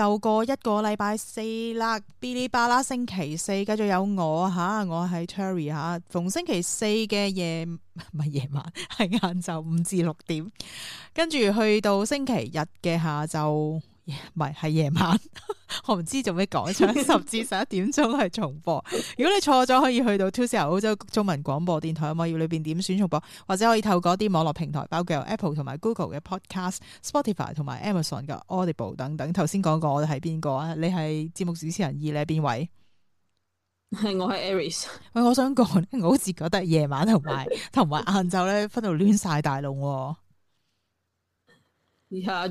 就過一個禮拜四啦，嗶哩吧啦，星期四繼續有我吓，我係 Terry 吓，逢星期四嘅夜唔係夜晚，係晏晝五至六點，跟住去到星期日嘅下晝。唔係，係夜晚。 我唔知做咩，講上十至十一點鐘係重播。 如果你錯咗，可以去到 2CR 澳洲中文廣播電台網頁裏邊點選重播， 或者可以透過啲網絡平台，包括 Apple 同埋 Google 嘅 Podcast、Spotify 同埋 Amazon 嘅 Audible 等等。頭先講過，我係邊個啊？你係節目主持人二，你係邊位？係、 哎、我係 Aries。喂、哎，我想講，我好似覺得夜晚同埋同埋晏晝咧，分到亂晒大龍、哦。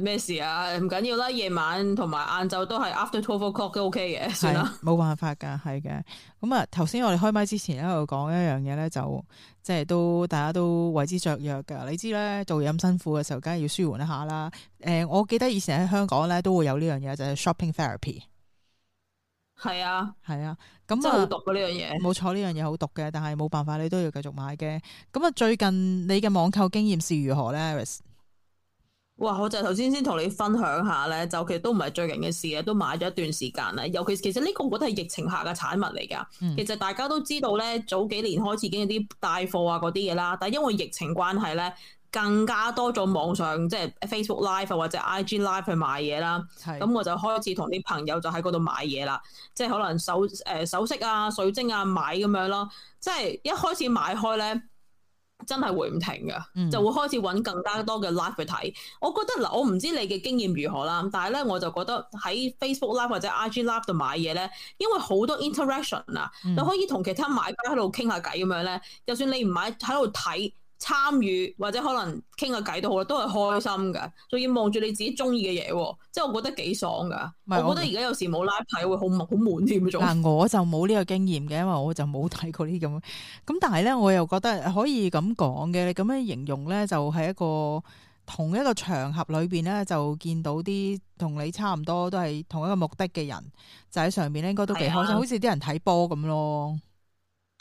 咩事啊？唔緊要啦，夜晚同埋晏晝都係 after twelve o'clock 都 OK 嘅，算啦。冇辦法噶，係嘅。咁啊，頭先我哋開麥之前喺度講一樣嘢咧，就即係都大家都為之雀躍噶。你知咧，做嘢咁辛苦嘅時候，梗係要舒緩一下啦。誒、呃，我記得以前喺香港咧都會有呢樣嘢，就係、是、shopping therapy。係啊，係啊，咁啊，好毒嘅呢樣嘢，冇錯呢樣嘢好毒嘅，但係冇辦法，你都要繼續買嘅。咁啊，最近你嘅網購經驗是如何咧？哇！我就頭先先同你分享下咧，就其實都唔係最近嘅事，都買咗一段時間啦。尤其其實呢個我覺得係疫情下嘅產物嚟㗎。嗯、其實大家都知道咧，早幾年開始已經有啲帶貨啊嗰啲嘢啦，但係因為疫情關係咧，更加多咗網上即係 Facebook Live、啊、或者 IG Live 去買嘢啦。咁是我就開始同啲朋友就喺嗰度買嘢啦，即係可能首誒首飾啊、水晶啊買咁樣咯。即係一開始買開咧。真係會唔停㗎，嗯、就會開始揾更加多嘅 live 去睇。我覺得嗱，我唔知你嘅經驗如何啦，但係咧我就覺得喺 Facebook live 或者 IG live 度買嘢咧，因為好多 interaction 啊、嗯，你可以同其他買家喺度傾下偈咁樣咧，就算你唔買喺度睇。參與或者可能傾下偈都好啦，都係開心噶。仲、嗯、要望住你自己中意嘅嘢，即係我覺得幾爽噶。是我覺得而家有時冇拉牌會好好悶添。做但、嗯、我就冇呢個經驗嘅，因為我就冇睇過呢啲咁。咁但係咧，我又覺得可以咁講嘅，你咁樣形容咧，就係、是、一個同一個場合裏邊咧，就見到啲同你差唔多都係同一個目的嘅人，就喺上面咧，應該都幾開心，好似啲人睇波咁咯。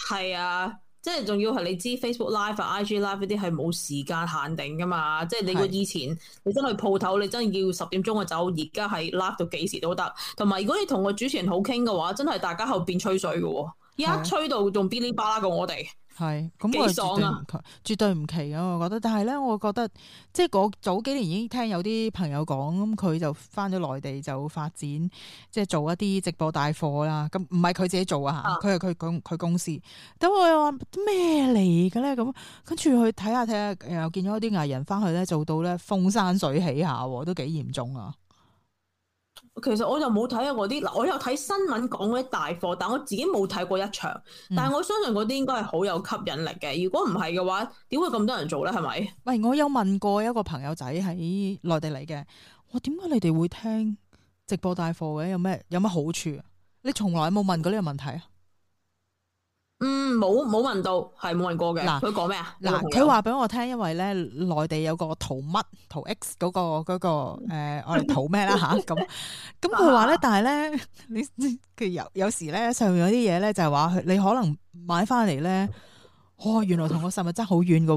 係啊。即係仲要係你知 Facebook Live 啊、IG Live 嗰啲係冇時間限定噶嘛，即係你個以前你真係鋪頭，你真係要十點鐘就走，而家係 live 到幾時都得。同埋如果你同個主持人好傾嘅話，真係大家後邊吹水嘅，一吹到仲噼哩啪啦過我哋。係咁，我絕對唔併，絕對唔奇啊！我覺得，但係咧，我覺得即係嗰早幾年已經聽有啲朋友講，咁佢就翻咗內地就發展，即係做一啲直播帶貨啦。咁唔係佢自己做啊，佢係佢公，佢公司。咁我又話咩嚟嘅咧？咁跟住去睇下睇下，又見咗啲藝人翻去咧做到咧風生水起下，都幾嚴重啊！其實我就冇睇過啲，嗱我有睇新聞講嗰啲大貨，但我自己冇睇過一場。嗯。但係我相信嗰啲應該係好有吸引力嘅。如果唔係嘅話，點會咁多人做咧？係咪？喂，我有問過一個朋友仔喺內地嚟嘅，我點解你哋會聽直播大貨嘅？有咩有乜好處？你從來冇問過呢個問題啊？嗯，冇冇問到，係冇問過嘅。嗱喇，佢講咩啊？嗱，佢話俾我聽，因為咧內地有個淘乜淘 X 嗰、嗰個、嗰個誒，我哋淘咩啦吓？咁咁佢話咧，但係咧，你佢有有時咧，上面有啲嘢咧，就係話你可能買翻嚟咧，哦，原來同個實物差好遠嘅，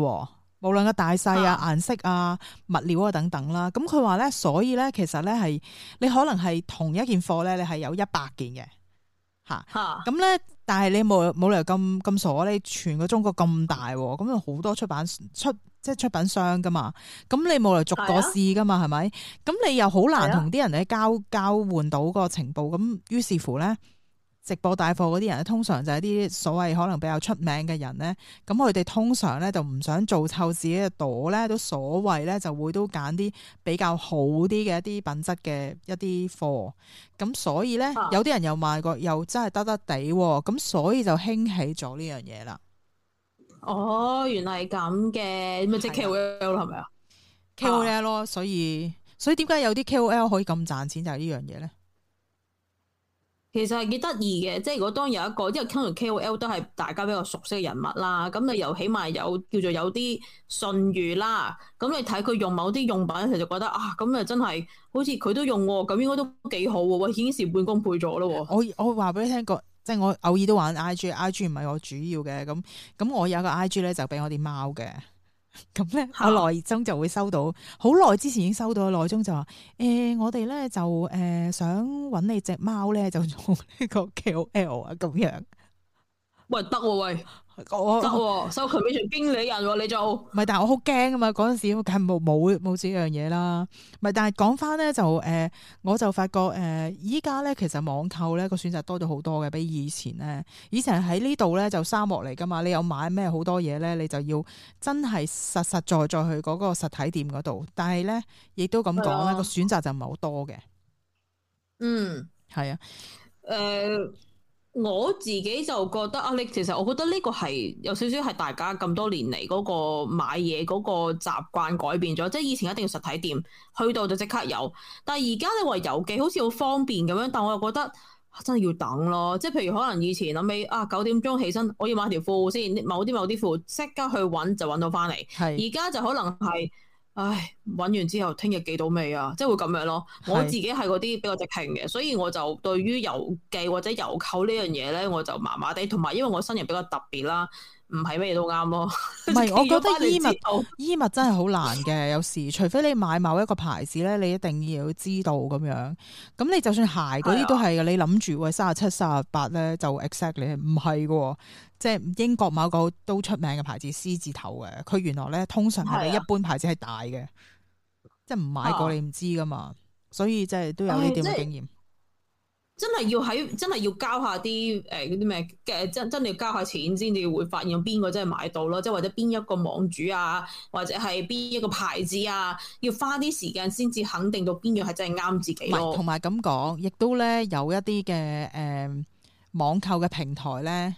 無論個大細啊、顏色啊、物料啊等等啦。咁佢話咧，所以咧，其實咧係你可能係同一件貨咧，你係有一百件嘅吓咁咧。啊啊啊但係你冇冇理由咁咁傻，你全個中國咁大，咁有好多出版出即係出版商噶嘛，咁你冇理由逐個試噶嘛，係咪、啊？咁你又好難同啲人咧交交換到個情報，咁於是乎咧。直播帶貨嗰啲人咧，通常就係啲所謂可能比較出名嘅人咧，咁佢哋通常咧就唔想做臭自己嘅朵咧，都所謂咧就會都揀啲比較好啲嘅一啲品質嘅一啲貨，咁所以咧、啊、有啲人又賣過又真係得得地，咁所以就興起咗呢樣嘢啦。哦，原嚟係咁嘅，咪即 K O L 啦，係咪啊？K O L 咯，所以所以點解有啲 K O L 可以咁賺錢就係呢樣嘢咧？其實係幾得意嘅，即係如果當有一個，因為 KOL 都係大家比較熟悉嘅人物啦，咁你又起碼有叫做有啲信譽啦，咁你睇佢用某啲用品，其實就覺得啊，咁啊真係好似佢都用，咁應該都幾好喎、呃，顯示半功倍咗咯。我我話俾你聽個，即係我偶爾都玩 IG，IG 唔係我主要嘅，咁咁我有個 IG 咧就俾我啲貓嘅。咁咧，阿內中就會收到，好耐之前已經收到啦。內中就話，誒，我哋咧就誒、呃、想搵你隻貓咧，就做呢個 KOL 啊，咁樣喂、啊，喂，得喎喂！我、啊、收佢 commission 經理人、啊，你做唔係？但係我好驚啊嘛。嗰陣時冇冇冇做呢樣嘢啦。唔係，但係講翻咧就誒、呃，我就發覺誒，依家咧其實網購咧個選擇多咗好多嘅，比以前咧。以前喺呢度咧就是、沙漠嚟噶嘛，你有買咩好多嘢咧，你就要真係實實在在去嗰個實體店嗰度。但係咧，亦都咁講啦，個、啊、選擇就唔係好多嘅。嗯，係啊，誒、呃。我自己就覺得阿力、啊、其實我覺得呢個係有少少係大家咁多年嚟嗰個買嘢嗰個習慣改變咗，即係以前一定要實體店去到就即刻有，但係而家你話郵寄好似好方便咁樣，但我又覺得、啊、真係要等咯。即係譬如可能以前諗起啊，九點鐘起身，我要買條褲先，某啲某啲褲即刻去揾就揾到返嚟，而家是就可能係。唉，揾完之後，聽日寄到未啊？即係會咁樣咯。的我自己係嗰啲比較即興嘅，所以我就對於郵寄或者郵購呢樣嘢咧，我就麻麻地。同埋因為我身形比較特別啦。唔係咩都啱咯，唔係 我覺得衣物 衣物真係好難嘅，有時除非你買某一個牌子咧，你一定要知道咁樣。咁你就算鞋嗰啲都係、啊、你諗住喂，三啊七、三啊八咧就 exactly 唔係嘅，即係英國某個都出名嘅牌子獅子頭嘅，佢原來咧通常係你一般牌子係大嘅，啊、即係唔買過你唔知噶嘛，啊、所以即係都有呢啲經驗。嗯真係要喺，真係要交下啲誒啲咩嘅，真真係要交下錢先至會發現邊個真係買到咯，即係或者邊一個網主啊，或者係邊一個牌子啊，要花啲時間先至肯定到邊樣係真係啱自己。同埋咁講，亦都咧有一啲嘅誒網購嘅平台咧。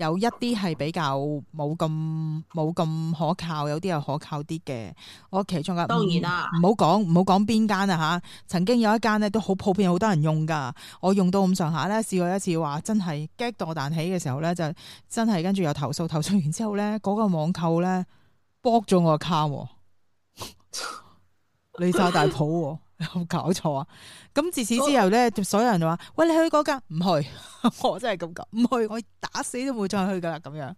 有一啲係比較冇咁冇咁可靠，有啲又可靠啲嘅。我其中一，當然啦，唔好講唔好講邊間啊嚇！曾經有一間咧都好普遍，好多人用噶。我用到咁上下咧，試過一次話真係激到我彈起嘅時候咧，就真係跟住又投訴，投訴完之後咧，嗰、那、間、個、網購咧卜咗我個卡、喔， 你晒大譜喎、喔！ 有冇搞錯啊！咁自此之後咧，所有人就話：喂，你去嗰間？唔去， 我真係咁講，唔去，我打死都唔會再去噶啦。咁樣，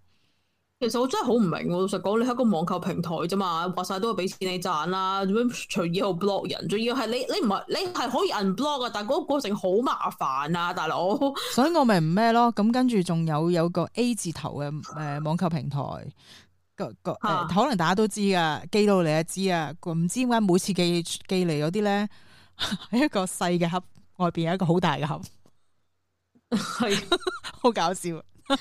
其實我真係好唔明。老實講，你喺個網購平台啫嘛，話晒都係俾錢你賺啦。點解除以後 block 人？仲要係你，你唔係你係可以 unblock 嘅，但係嗰個過程好麻煩啊，大佬。所以我咪唔咩咯？咁跟住仲有有個 A 字頭嘅誒網購平台。呃、可能大家都知噶，寄到嚟一知啊，唔知點解每次寄寄嚟嗰啲咧，係一個細嘅盒，外邊有一個好大嘅盒，係好的 搞笑。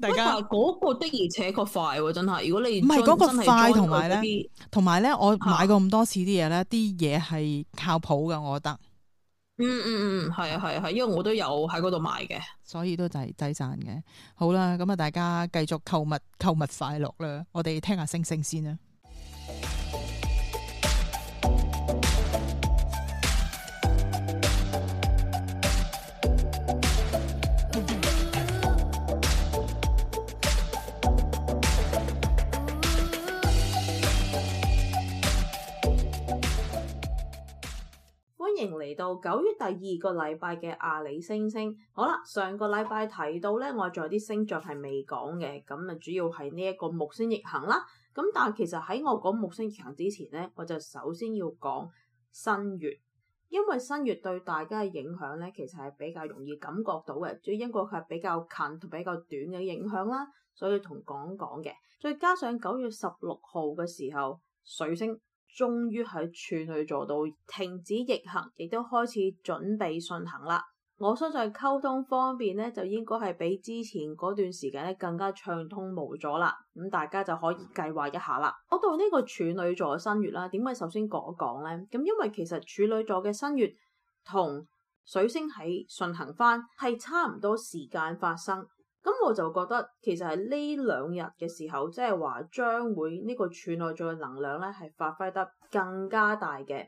大家嗰個的而且確快喎、啊，真係。如果你唔係嗰個快，同埋咧，同埋咧，我買過咁多次啲嘢咧，啲嘢係靠譜噶，我覺得。嗯嗯嗯嗯，係啊係啊係，因為我都有喺嗰度買嘅，所以都就係抵讚嘅。好啦，咁啊大家繼續購物，購物快樂啦！我哋聽下星星先啦。歡迎嚟到九月第二個禮拜嘅阿里星星，好啦，上個禮拜提到咧，我仲有啲星象係未講嘅，咁啊主要係呢一個木星逆行啦。咁但係其實喺我講木星逆行之前咧，我就首先要講新月，因為新月對大家嘅影響咧，其實係比較容易感覺到嘅，主要因為佢係比較近同比較短嘅影響啦，所以同講講嘅。再加上九月十六號嘅時候，水星終於喺處女座度停止逆行，亦都開始準備順行啦。我相信溝通方面咧就應該係比之前嗰段時間咧更加暢通無阻啦。咁大家就可以計劃一下啦。講到呢個處女座嘅新月啦，點解首先講一講咧？咁因為其實處女座嘅新月同水星喺順行翻係差唔多時間發生。咁我就覺得其實係呢兩日嘅時候，即係話將會呢個處女座嘅能量咧係發揮得更加大嘅。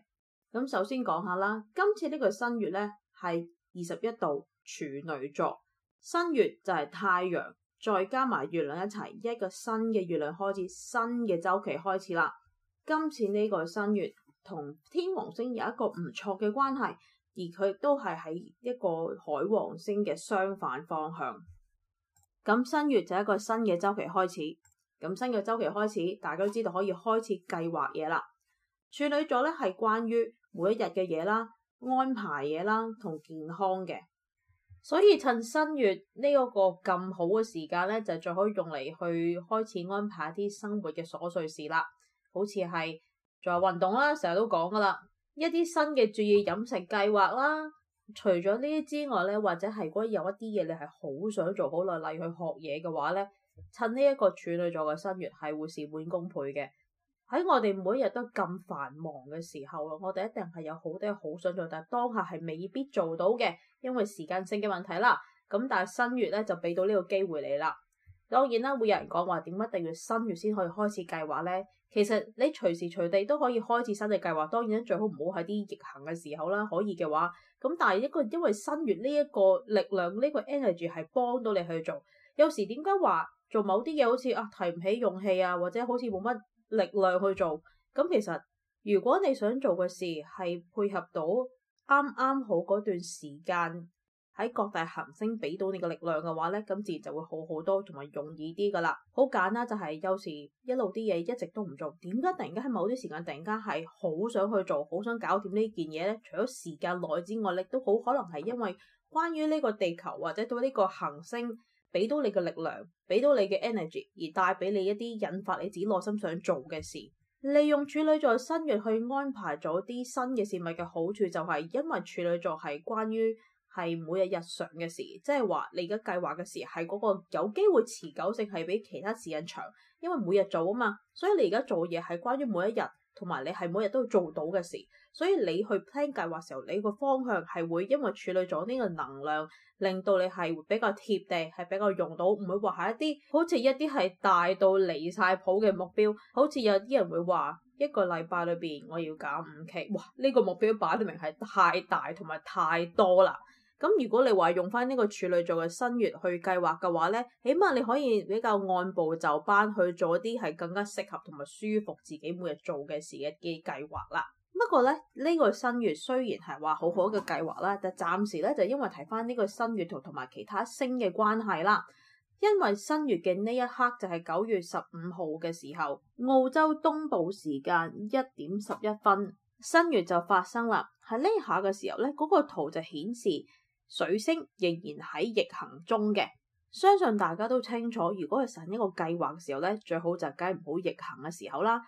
咁首先講下啦，今次呢個新月咧係二十一度處女座新月，就係太陽再加埋月亮一齊，一個新嘅月亮開始，新嘅周期開始啦。今次呢個新月同天王星有一個唔錯嘅關係，而佢都係喺一個海王星嘅相反方向。咁新月就係一個新嘅周期開始，咁新嘅周期開始，大家都知道可以開始計劃嘢啦。處女座咧係關於每一日嘅嘢啦，安排嘢啦同健康嘅，所以趁新月呢一個咁好嘅時間咧，就最好用嚟去開始安排一啲生活嘅瑣碎事啦，好似係做有運動啦，成日都講噶啦，一啲新嘅注意飲食計劃啦。除咗呢啲之外咧，或者係如果有一啲嘢你係好想做好耐，例如去學嘢嘅話咧，趁呢一個處女座嘅新月係會事半功倍嘅。喺我哋每日都咁繁忙嘅時候咯，我哋一定係有好多嘢好想做，但係當下係未必做到嘅，因為時間性嘅問題啦。咁但係新月咧就俾到呢個機會你啦。當然啦，會有人講話點一定要新月先可以開始計劃呢？其實你隨時隨地都可以開始新嘅計劃。當然最好唔好喺啲逆行嘅時候啦。可以嘅話，咁但係一個因為新月呢一個力量，呢個 energy 係幫到你去做。有時點解話做某啲嘢好似啊提唔起勇氣啊，或者好似冇乜力量去做咁？其實如果你想做嘅事係配合到啱啱好嗰段時間。喺各大行星俾到你嘅力量嘅話呢，咁自然就會好好多，同埋容易啲噶啦。好簡單就係、是、有時一路啲嘢一直都唔做，點解突然間喺某啲時間突然間係好想去做，好想搞掂呢件嘢呢？除咗時間內之外，你都好可能係因為關於呢個地球或者對呢個行星俾到你嘅力量，俾到你嘅 energy 而帶俾你一啲引發你自己內心想做嘅事。利用處女座新月去安排咗啲新嘅事物嘅好處就係因為處女座係關於。係每日日常嘅事，即係話你而家計劃嘅事係嗰個有機會持久性係比其他時間長，因為每日做啊嘛，所以你而家做嘢係關於每一日，同埋你係每日都做到嘅事，所以你去 plan 計劃嘅時候，你個方向係會因為處女座呢個能量，令到你係比較貼地，係比較用到，唔會話係一啲好似一啲係大到離晒譜嘅目標，好似有啲人會話一個禮拜裏邊我要減五 K，哇！呢個目標擺得明係太大同埋太多啦～咁如果你話用翻呢個處女座嘅新月去計劃嘅話呢，起碼你可以比較按部就班去做啲係更加適合同埋舒服自己每日做嘅事嘅嘅計劃啦。不過呢，呢個新月雖然係話好好嘅計劃啦，但暫時呢，就因為睇翻呢個新月圖同埋其他星嘅關係啦，因為新月嘅呢一刻就係九月十五號嘅時候，澳洲東部時間一點十一分，新月就發生啦。喺呢下嘅時候呢，嗰個圖就顯示。水星仍然喺逆行中嘅，相信大家都清楚。如果係神一個計劃嘅時候咧，最好就梗唔好逆行嘅時候啦，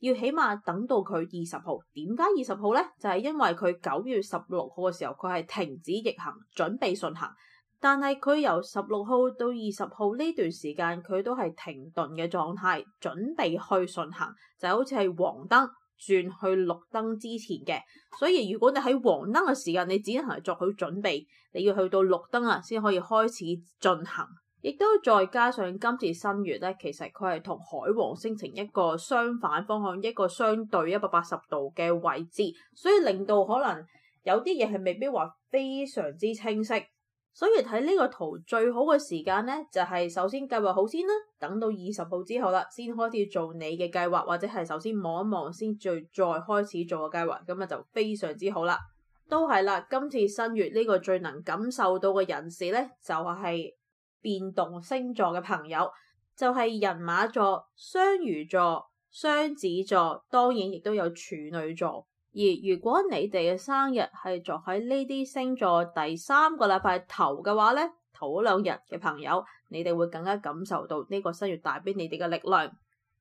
要起碼等到佢二十號。點解二十號呢？就係因為佢九月十六號嘅時候，佢係停止逆行，準備順行。但係佢由十六號到二十號呢段時間，佢都係停頓嘅狀態，準備去順行，就好似係黃燈。轉去綠燈之前嘅，所以如果你喺黃燈嘅時間，你只能係作好準備，你要去到綠燈啊，先可以開始進行。亦都再加上今次新月咧，其實佢係同海王星呈一個相反方向，一個相對一百八十度嘅位置，所以令到可能有啲嘢係未必話非常之清晰。所以睇呢個圖最好嘅時間呢，就係首先計劃好先啦，等到二十號之後啦，先開始做你嘅計劃，或者係首先望一望先，再再開始做個計劃，咁啊就非常之好啦。都係啦，今次新月呢個最能感受到嘅人士呢，就係變動星座嘅朋友，就係人馬座、雙魚座、雙子座，當然亦都有處女座。而如果你哋嘅生日係坐喺呢啲星座第三個禮拜頭嘅話呢，頭嗰兩日嘅朋友，你哋會更加感受到呢個新月帶俾你哋嘅力量。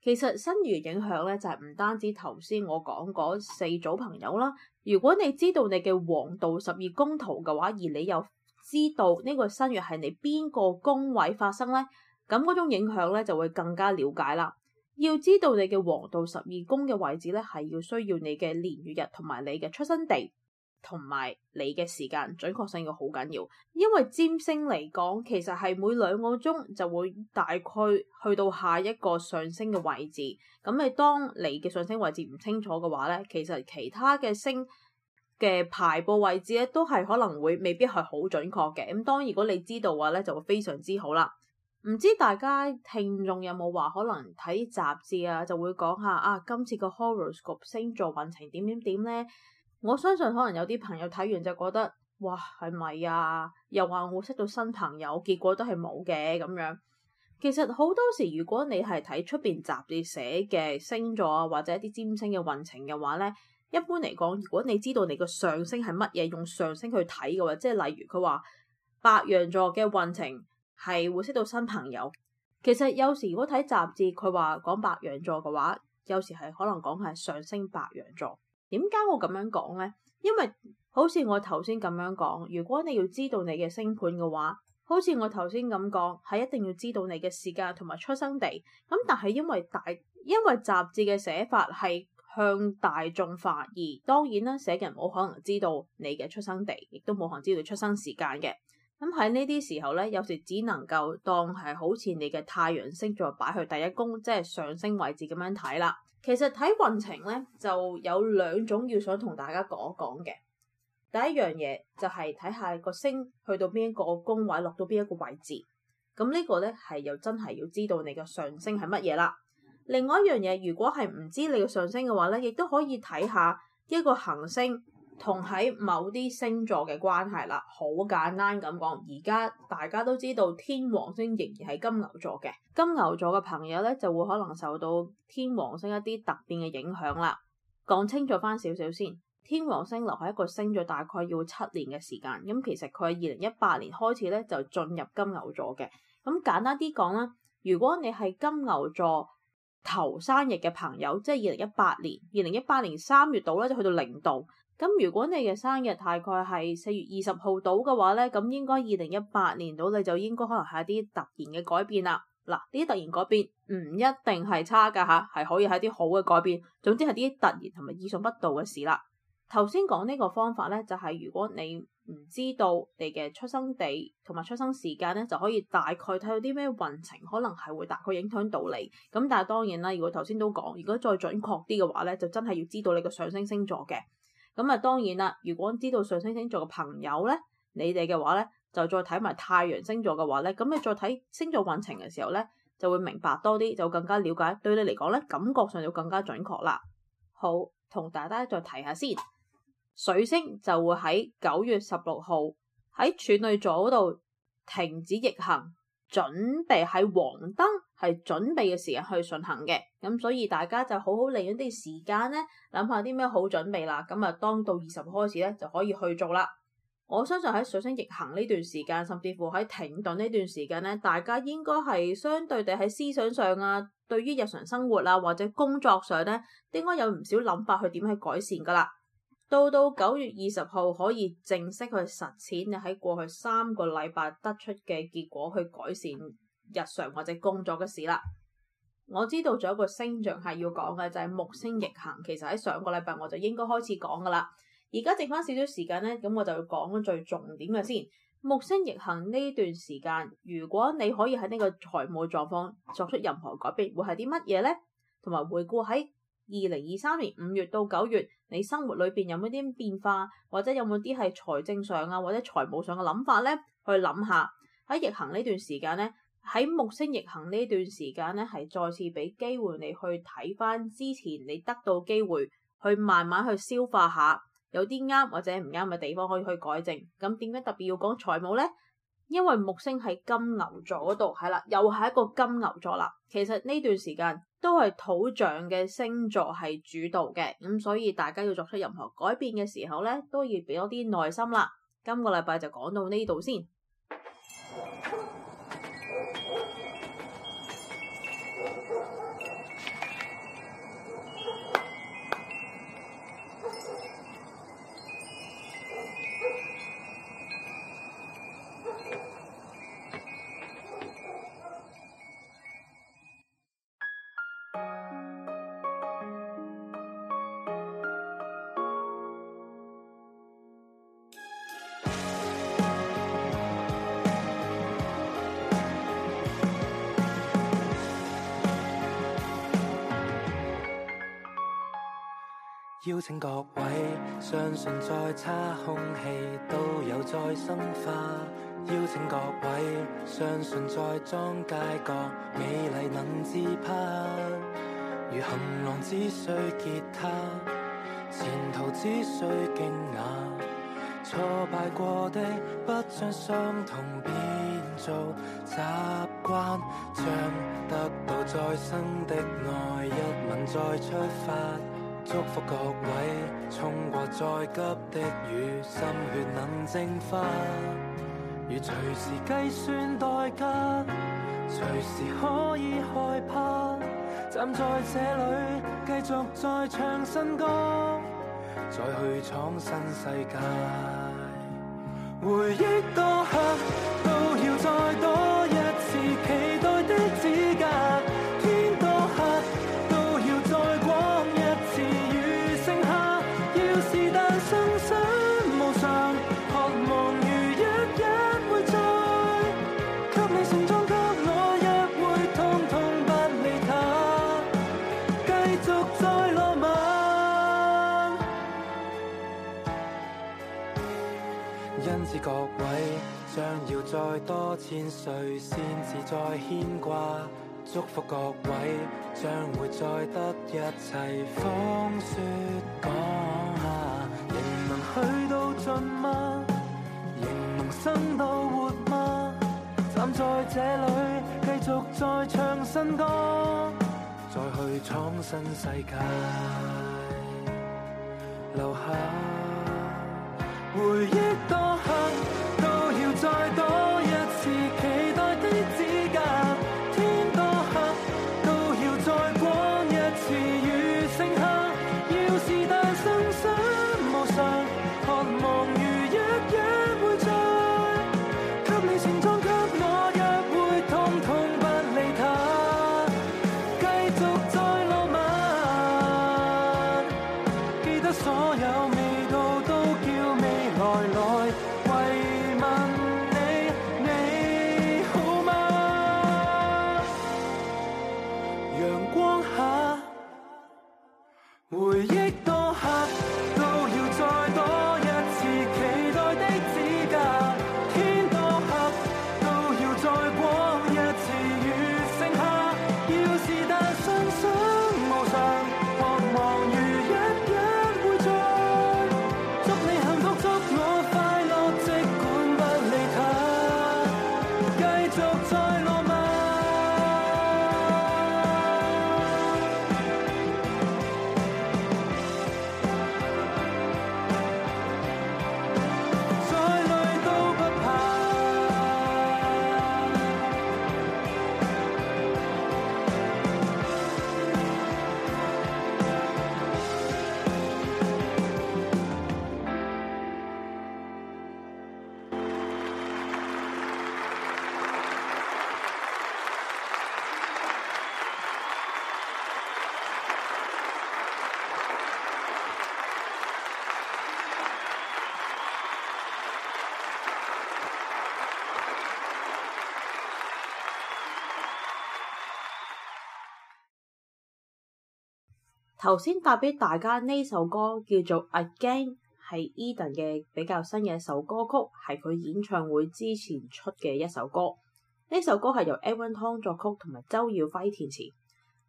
其實新月影響咧，就係、是、唔單止頭先我講嗰四組朋友啦。如果你知道你嘅黃道十二宮圖嘅話，而你又知道呢個新月係你邊個宮位發生呢，咁嗰種影響咧就會更加了解啦。要知道你嘅黃道十二宮嘅位置咧，係要需要你嘅年月日同埋你嘅出生地同埋你嘅時間準確性要好緊要。因為占星嚟講，其實係每兩個鐘就會大概去到下一個上升嘅位置。咁你當你嘅上升位置唔清楚嘅話咧，其實其他嘅星嘅排佈位置咧都係可能會未必係好準確嘅。咁當然如果你知道嘅話咧，就會非常之好啦。唔知大家聽眾有冇話可能睇雜誌啊，就會講下啊，今次個 Horoscope 星座運程點點點咧？我相信可能有啲朋友睇完就覺得，哇，係咪啊？又話我識到新朋友，結果都係冇嘅咁樣。其實好多時，如果你係睇出邊雜誌寫嘅星座啊，或者一啲占星嘅運程嘅話咧，一般嚟講，如果你知道你個上升係乜嘢，用上升去睇嘅話，即係例如佢話白羊座嘅運程。係會識到新朋友。其實有時如果睇雜誌，佢話講白羊座嘅話，有時係可能講係上升白羊座。點解我咁樣講呢？因為好似我頭先咁樣講，如果你要知道你嘅星盤嘅話，好似我頭先咁講，係一定要知道你嘅時間同埋出生地。咁但係因為大因為雜誌嘅寫法係向大眾化，而當然啦，寫嘅人冇可能知道你嘅出生地，亦都冇可能知道你出生時間嘅。咁喺呢啲時候咧，有時只能夠當係好似你嘅太陽星座擺去第一宮，即係上升位置咁樣睇啦。其實睇運程咧就有兩種要想同大家講一講嘅。第一樣嘢就係睇下個星去到邊一個宮位，落到邊一個位置。咁呢個咧係又真係要知道你嘅上升係乜嘢啦。另外一樣嘢，如果係唔知你嘅上升嘅話咧，亦都可以睇下一個行星。同喺某啲星座嘅關係啦，好簡單咁講。而家大家都知道天王星仍然係金牛座嘅，金牛座嘅朋友咧就會可能受到天王星一啲突變嘅影響啦。講清楚翻少少先，天王星留喺一個星座大概要七年嘅時間。咁其實佢喺二零一八年開始咧就進入金牛座嘅。咁簡單啲講啦，如果你係金牛座頭生日嘅朋友，即係二零一八年，二零一八年三月度咧就去到零度。咁如果你嘅生日大概係四月二十號到嘅話咧，咁應該二零一八年到你就應該可能係一啲突然嘅改變啦。嗱，呢啲突然改變唔一定係差噶吓，係可以係一啲好嘅改變。總之係啲突然同埋意想不到嘅事啦。頭先講呢個方法咧，就係如果你唔知道你嘅出生地同埋出生時間咧，就可以大概睇到啲咩運程可能係會大概影響到你。咁但係當然啦，如果頭先都講，如果再準確啲嘅話咧，就真係要知道你嘅上升星座嘅。咁啊，當然啦！如果知道上升星座嘅朋友咧，你哋嘅話咧，就再睇埋太陽星座嘅話咧，咁你再睇星座運程嘅時候咧，就會明白多啲，就更加了解，對你嚟講咧，感覺上就更加準確啦。好，同大家再提下先，水星就會喺九月十六號喺處女座嗰度停止逆行。準備喺黃燈係準備嘅時間去進行嘅，咁所以大家就好好利用啲時間咧，諗下啲咩好準備啦。咁啊，當到二十開始咧，就可以去做啦。我相信喺水星逆行呢段時間，甚至乎喺停頓呢段時間咧，大家應該係相對地喺思想上啊，對於日常生活啊或者工作上咧，應該有唔少諗法去點去改善噶啦。到到九月二十號可以正式去實踐你喺過去三個禮拜得出嘅結果去改善日常或者工作嘅事啦。我知道仲有一個星象係要講嘅就係木星逆行，其實喺上個禮拜我就應該開始講噶啦。而家剩翻少少時間呢，咁我就要講最重點嘅先。木星逆行呢段時間，如果你可以喺呢個財務狀況作出任何改變，會係啲乜嘢呢？同埋回顧喺二零二三年五月到九月。你生活裏邊有冇啲變化，或者有冇啲係財政上啊，或者財務上嘅諗法咧，去諗下喺逆行呢段時間咧，喺木星逆行呢段時間咧，係再次俾機會你去睇翻之前你得到機會去慢慢去消化下，有啲啱或者唔啱嘅地方可以去改正。咁點解特別要講財務咧？因為木星喺金牛座嗰度，係啦，又係一個金牛座啦。其實呢段時間都係土象嘅星座係主導嘅，咁、嗯、所以大家要作出任何改變嘅時候咧，都要俾多啲耐心啦。今個禮拜就講到呢度先。邀請各位，相信再差空氣都有再生花。邀請各位，相信在莊街角美麗能自拍。如行囊只需結他，前途只需驚訝。挫敗過的，不將傷痛變做習慣，將得到再生的愛一吻再出發。祝福各位，衝過再急的雨，心血能蒸發，如隨時計算代價，隨時可以害怕。站在這裏，繼續再唱新歌，再去闖新世界。再多千歲，先至再牽掛。祝福各位，將會再得一切風雪降下。仍能去到盡嗎？仍能生到活嗎？站在這裏，繼續再唱新歌，再去闖新世界，留下回憶。頭先答俾大家呢首歌叫做《Again》，係 Eden 嘅比較新嘅一首歌曲，係佢演唱會之前出嘅一首歌。呢首歌係由 Evan Tong 作曲同埋周耀輝填詞。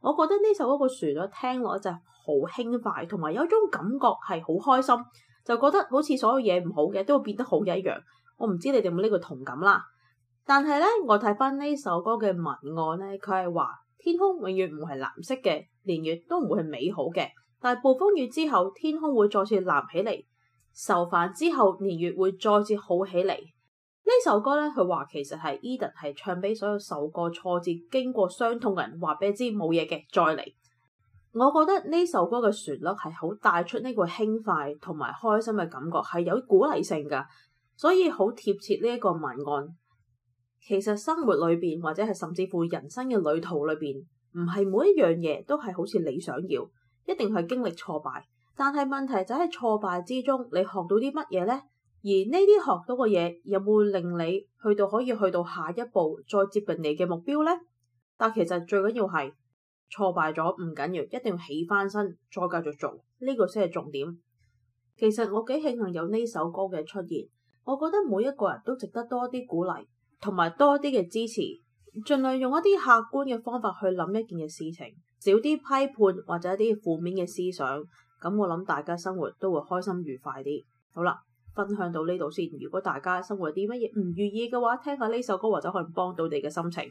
我覺得呢首歌個旋律聽落就好輕快，同埋有種感覺係好開心，就覺得好似所有嘢唔好嘅都會變得好嘅一樣。我唔知你哋有冇呢個同感啦。但係呢，我睇翻呢首歌嘅文案呢，佢係話天空永遠唔係藍色嘅。年月都唔會係美好嘅，但係暴風雨之後，天空會再次藍起嚟；受煩之後，年月會再次好起嚟。呢首歌咧，佢話其實係 Edan 係唱俾所有受過挫折、經過傷痛嘅人，話俾佢知冇嘢嘅，再嚟。我覺得呢首歌嘅旋律係好帶出呢個輕快同埋開心嘅感覺，係有鼓勵性噶，所以好貼切呢一個文案。其實生活裏邊或者係甚至乎人生嘅旅途裏邊。唔係每一樣嘢都係好似你想要，一定係經歷挫敗。但係問題就喺挫敗之中，你學到啲乜嘢呢？而呢啲學到嘅嘢有冇令你去到可以去到下一步，再接近你嘅目標呢？但其實最緊要係挫敗咗唔緊要，一定要起翻身，再繼續做，呢個先係重點。其實我幾慶幸有呢首歌嘅出現，我覺得每一個人都值得多啲鼓勵，同埋多啲嘅支持。盡量用一啲客觀嘅方法去諗一件嘅事情，少啲批判或者一啲負面嘅思想，咁我諗大家生活都會開心愉快啲。好啦，分享到呢度先。如果大家生活有啲乜嘢唔如意嘅話，聽下呢首歌或者可能幫到你嘅心情。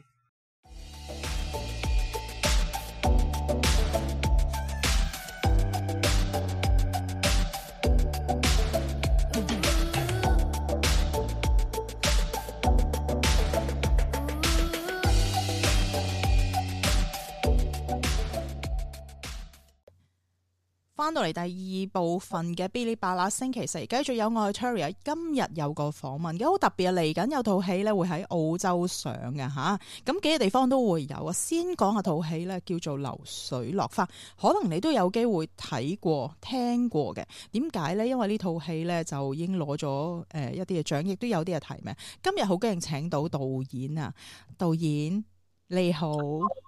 翻到嚟第二部分嘅 Bilibala，星期四繼續有我 Terry 啊！今日有個訪問嘅好特別啊，嚟緊有套戲咧會喺澳洲上嘅嚇，咁幾個地方都會有啊。先講下套戲咧叫做《流水落花》，可能你都有機會睇過聽過嘅。點解咧？因為呢套戲咧就已經攞咗誒一啲嘅獎，亦都有啲嘅提名。今日好驚請到導演啊！導演。你好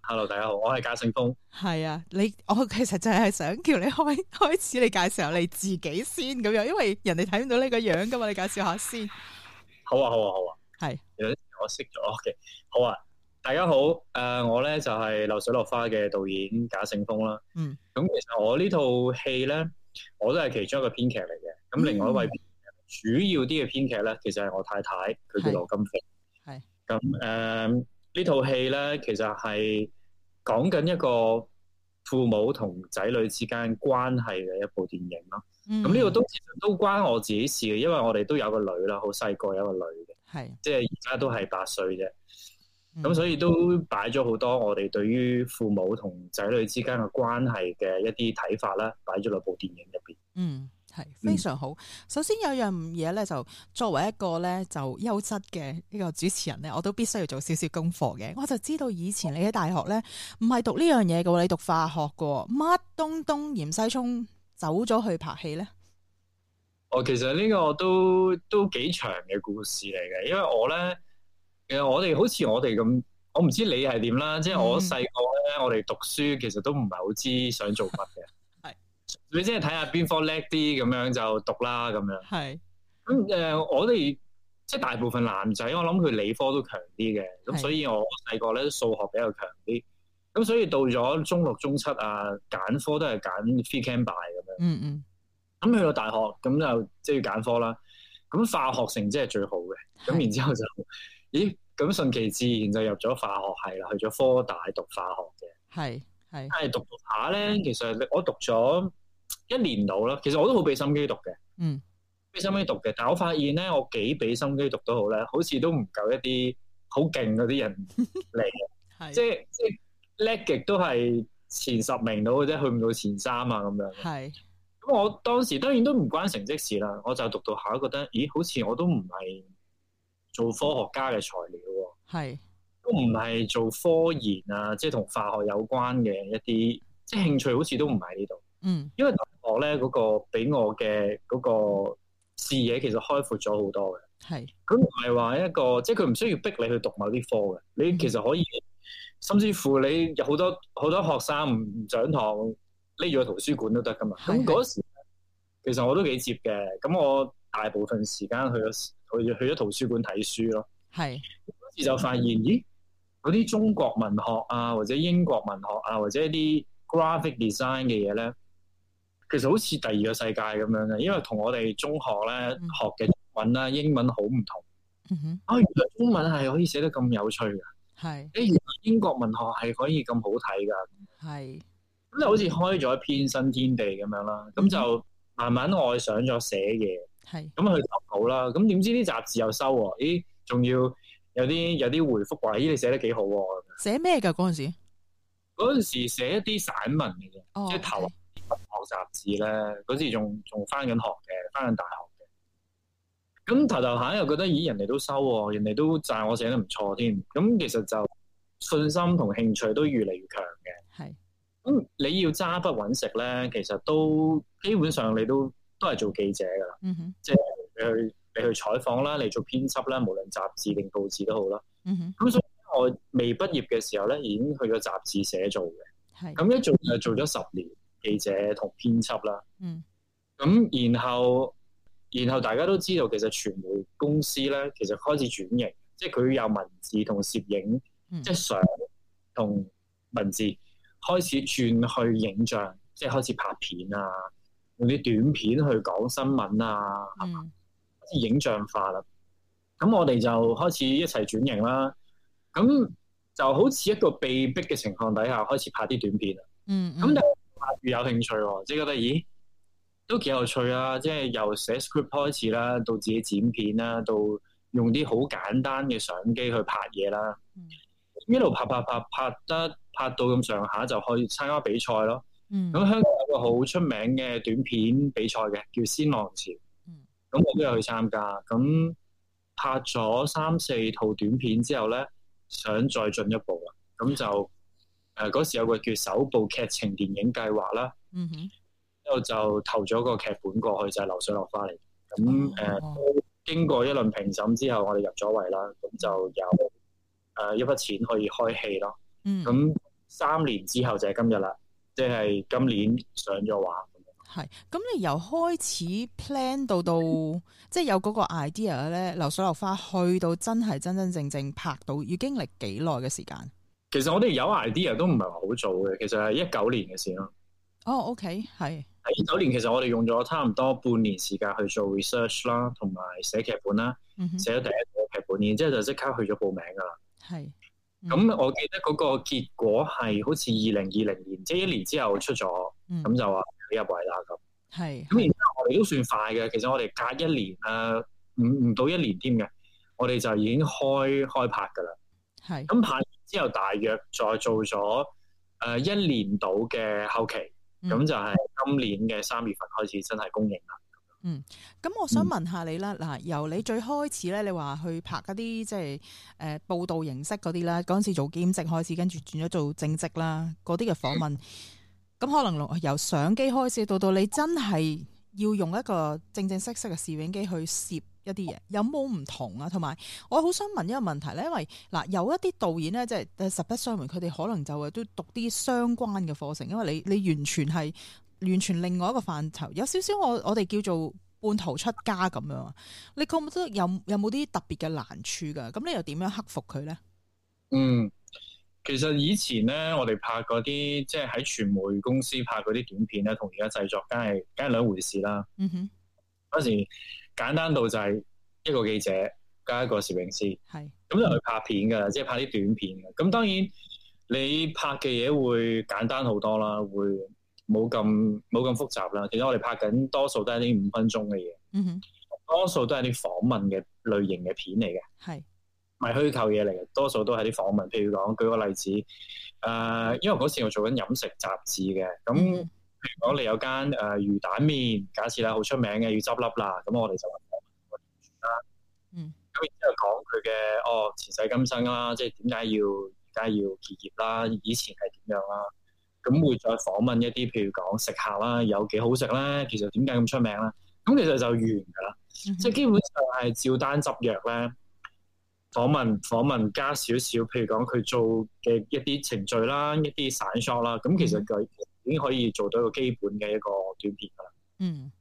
，Hello，大家好，我係賈勝楓。係啊，你我其實就係想叫你開開始，你介紹下你自己先咁樣，因為人哋睇唔到呢個樣噶嘛， 你介紹下先。好啊，好啊，好啊，係是，我識咗嘅、okay，好啊，大家好，誒、呃，我咧就係、是《流水落花》嘅導演賈勝楓啦，嗯，咁其實我戲呢套戲咧，我都係其中一個編劇嚟嘅，咁另外一位主要啲嘅編劇咧，其實係我太太，佢叫羅金鳳，係，咁誒。呢套戲咧，其實係講緊一個父母同仔女之間關係嘅一部電影咯。咁呢、嗯、個都其實都關我自己事嘅，因為我哋都有個女啦，好細個有個女嘅，是即係而家都係八歲啫。咁、嗯、所以都擺咗好多我哋對於父母同仔女之間嘅關係嘅一啲睇法啦，擺咗落部電影入邊。嗯係非常好。首先有樣嘢咧，就作為一個咧就優質嘅呢個主持人咧，我都必須要做少少功課嘅。我就知道以前你喺大學咧，唔係讀呢樣嘢嘅，你讀化學嘅，乜東東鹽西衝走咗去拍戲咧？我、哦、其實呢個都都幾長嘅故事嚟嘅，因為我咧，其實我哋好似我哋咁，我唔知你係點啦。即係、嗯、我細個咧，我哋讀書其實都唔係好知想做乜嘅。 你真係睇下邊科叻啲，咁樣就讀啦，咁樣係。咁誒，我哋即係大部分男仔，我諗佢理科都強啲嘅，咁所以我細個咧數學比較強啲，咁所以到咗中六、中七啊，揀科都係揀 Phy Chem Bio 咁樣。嗯嗯。咁去到大學，咁就即係要揀科啦。咁化學成績係最好嘅，咁然之後就咦，咁順其自然就入咗化學系啦，去咗科大讀化學嘅。係係。咁係讀讀下咧，其實我讀咗。一年到啦，其實我都好俾心機讀嘅，嗯，俾心機讀嘅。但係我發現咧，我幾俾心機讀都好咧，好似都唔夠一啲好勁嗰啲人嚟 是，即係即係叻極都係前十名到嘅啫，去唔到前三啊咁樣。係咁是、嗯，我當時當然都唔關成績事啦。我就讀到考，覺得咦，好似我都唔係做科學家嘅材料，係都唔係做科研啊，即係同化學有關嘅一啲，即係興趣好似都唔喺呢度。嗯，因為大學咧，嗰個俾我嘅嗰個視野其實開闊咗好多嘅，係是。咁唔係話一個，即係佢唔需要逼你去讀某啲科嘅，你其實可以，嗯、甚至乎你有好多好多學生唔唔上堂，匿咗個圖書館都得噶嘛。咁嗰是時其實我都幾接嘅，咁我大部分時間去咗去去咗圖書館睇書咯。係是，嗰時就發現，嗯、咦，嗰啲中國文學啊，或者英國文學啊，或者一啲 graphic design 嘅嘢咧。其實好似第二個世界咁樣嘅，因為同我哋中學咧學嘅文啦、英文好唔同。啊，原來中文係可以寫得咁有趣嘅。係，誒，原來英國文學係可以咁好睇噶。係，咁你好似開咗一片新天地咁樣啦，咁就慢慢愛上咗寫嘢。係，咁去投稿啦。咁點知啲雜誌又收。咦，仲要有啲有啲回覆話，咦，你寫得幾好。寫咩噶？嗰陣時，嗰陣時寫一啲散文嘅即係頭。雜誌咧，嗰時仲仲翻緊學嘅，翻緊大學嘅。咁頭頭下又覺得咦，人哋都收喎，人哋都讚我寫得唔錯添。咁其實就信心同興趣都越嚟越強嘅。係是。咁你要揸筆揾食咧，其實都基本上你都都係做記者噶啦。嗯、哼即係你去你去採訪啦，你做編輯啦，無論雜誌定報紙都好啦。咁、嗯、哼所以，我未畢業嘅時候咧，已經去咗雜誌寫作嘅。係是。咁一做就做咗十年。嗯記者同編輯啦，嗯，咁然後然後大家都知道，其實傳媒公司咧，其實開始轉型，即係佢有文字同攝影，嗯、即係相同文字開始轉去影像，即係開始拍片啊，用啲短片去講新聞啊，係嘛、嗯，開始影像化啦。咁我哋就開始一齊轉型啦。咁就好似一個被逼嘅情況底下，開始拍啲短片啊、嗯。嗯，咁就。越有興趣、哦，即係覺得咦，都幾有趣啊！即係由寫 script 開始啦，到自己剪片啦，到用啲好簡單嘅相機去拍嘢啦。嗯、一路拍拍拍，拍得拍到咁上下，就可以參加比賽咯。咁、嗯、香港有個好出名嘅短片比賽嘅，叫鮮浪潮。咁、嗯、我都有去參加，咁拍咗三四套短片之後咧，想再進一步啊，咁就。誒，嗰、呃、時有個叫首部劇情電影計劃啦，嗯哼，之後就投咗個劇本過去，就係、是、流水落花嚟。咁、嗯、誒、嗯嗯，經過一輪評審之後，我哋入咗圍啦，咁、嗯嗯、就有誒一筆錢可以開戲咯。咁三年之後就係今日啦，即、就、係、是、今年上咗畫。係、嗯，咁你由開始 plan 到到即係 有嗰個 idea 咧，流水落花去到真係真真正正、正、正正拍到，要經歷幾耐嘅時間？其實我哋有 idea 都唔係話好做嘅，其實係一九年嘅事咯。哦、oh,，OK，係喺一九年，其實我哋用咗差唔多半年時間去做 research 啦，同埋寫劇本啦，寫咗、mm hmm. 第一個劇本，然之後就即刻去咗報名噶啦。係咁，mm hmm. 我記得嗰個結果係好似二零二零年，即、就、係、是、一年之後出咗，咁、mm hmm. 就話入圍啦。咁係咁，hmm. 然之後我哋都算快嘅。其實我哋隔一年啊，唔唔到一年添嘅，我哋就已經開開拍噶啦。係咁是拍。之後大約再做咗誒、呃、一年度嘅後期，咁、嗯、就係今年嘅三月份開始真係公應啦。嗯，咁我想問下你啦，嗱、嗯，由你最開始咧，你話去拍一啲即係誒、呃、報道形式嗰啲啦，嗰陣時做兼職開始，跟住轉咗做正職啦，嗰啲嘅訪問，咁、嗯、可能由相機開始到，到到你真係。要用一個正正式式嘅攝影機去攝一啲嘢，有冇唔同啊？同埋，我好想問一個問題咧，因為嗱有一啲導演咧，即係實不相瞞，佢哋可能就會都讀啲相關嘅課程，因為你你完全係完全另外一個範疇，有少少我我哋叫做半途出家咁樣啊。你覺唔覺得有有冇啲特別嘅難處噶？咁你又點樣克服佢咧？嗯。其實以前咧，我哋拍嗰啲即係喺傳媒公司拍嗰啲短片咧，同而家製作，梗係梗係兩回事啦。嗰、mm hmm. 陣時簡單到就係一個記者加一個攝影師，係咁是就去拍片噶啦，mm hmm. 即係拍啲短片噶。咁當然你拍嘅嘢會簡單好多啦，會冇咁冇咁複雜啦。其實我哋拍緊多數都係啲五分鐘嘅嘢，mm hmm. 多數都係啲訪問嘅類型嘅片嚟嘅，係。咪虛構嘢嚟嘅，多數都係啲訪問。譬如講，舉個例子，誒、呃，因為嗰時我做緊飲食雜誌嘅，咁、嗯、譬如講，你有間誒、呃、魚蛋麵，假設咧好出名嘅，要執笠啦，咁我哋就問訪問啦。嗯，咁然之後講佢嘅，哦前世今生啦，即係點解要而家要結業啦？以前係點樣啦？咁會再訪問一啲，譬如講食客啦，有幾好食啦？其實點解咁出名啦。咁其實就完噶啦，即係、嗯、哼基本上係照單執藥咧。訪問、訪問加少少，譬如講佢做嘅一啲程序啦、一啲散 shot 啦，咁、嗯、其實佢已經可以做到一個基本嘅一個短片啦。嗯，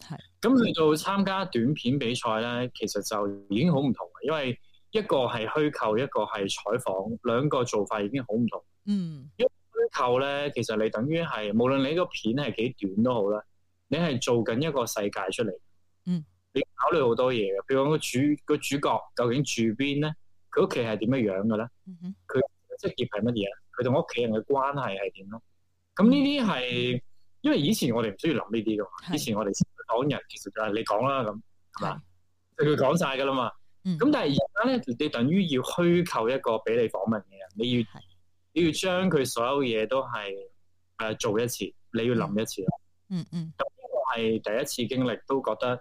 係。咁嚟到參加短片比賽咧，其實就已經好唔同嘅，因為一個係虛構，一個係採訪，兩個做法已經好唔同。嗯，虛構咧，其實你等於係無論你個片係幾短都好啦，你係做緊一個世界出嚟。你考慮好多嘢嘅，譬如講個主個主角究竟住邊咧？佢屋企係點樣樣嘅咧？佢職業係乜嘢啊？佢同屋企人嘅關係係點咯？咁呢啲係因為以前我哋唔需要諗呢啲噶嘛以前我哋講人其實就係你講啦，咁係嘛，佢佢講晒噶啦嘛咁但係而家咧，你等於要虛構一個俾你訪問嘅人，你要你要將佢所有嘢都係誒做一次，你要諗一次咯。嗯嗯。咁呢個係第一次經歷，都覺得。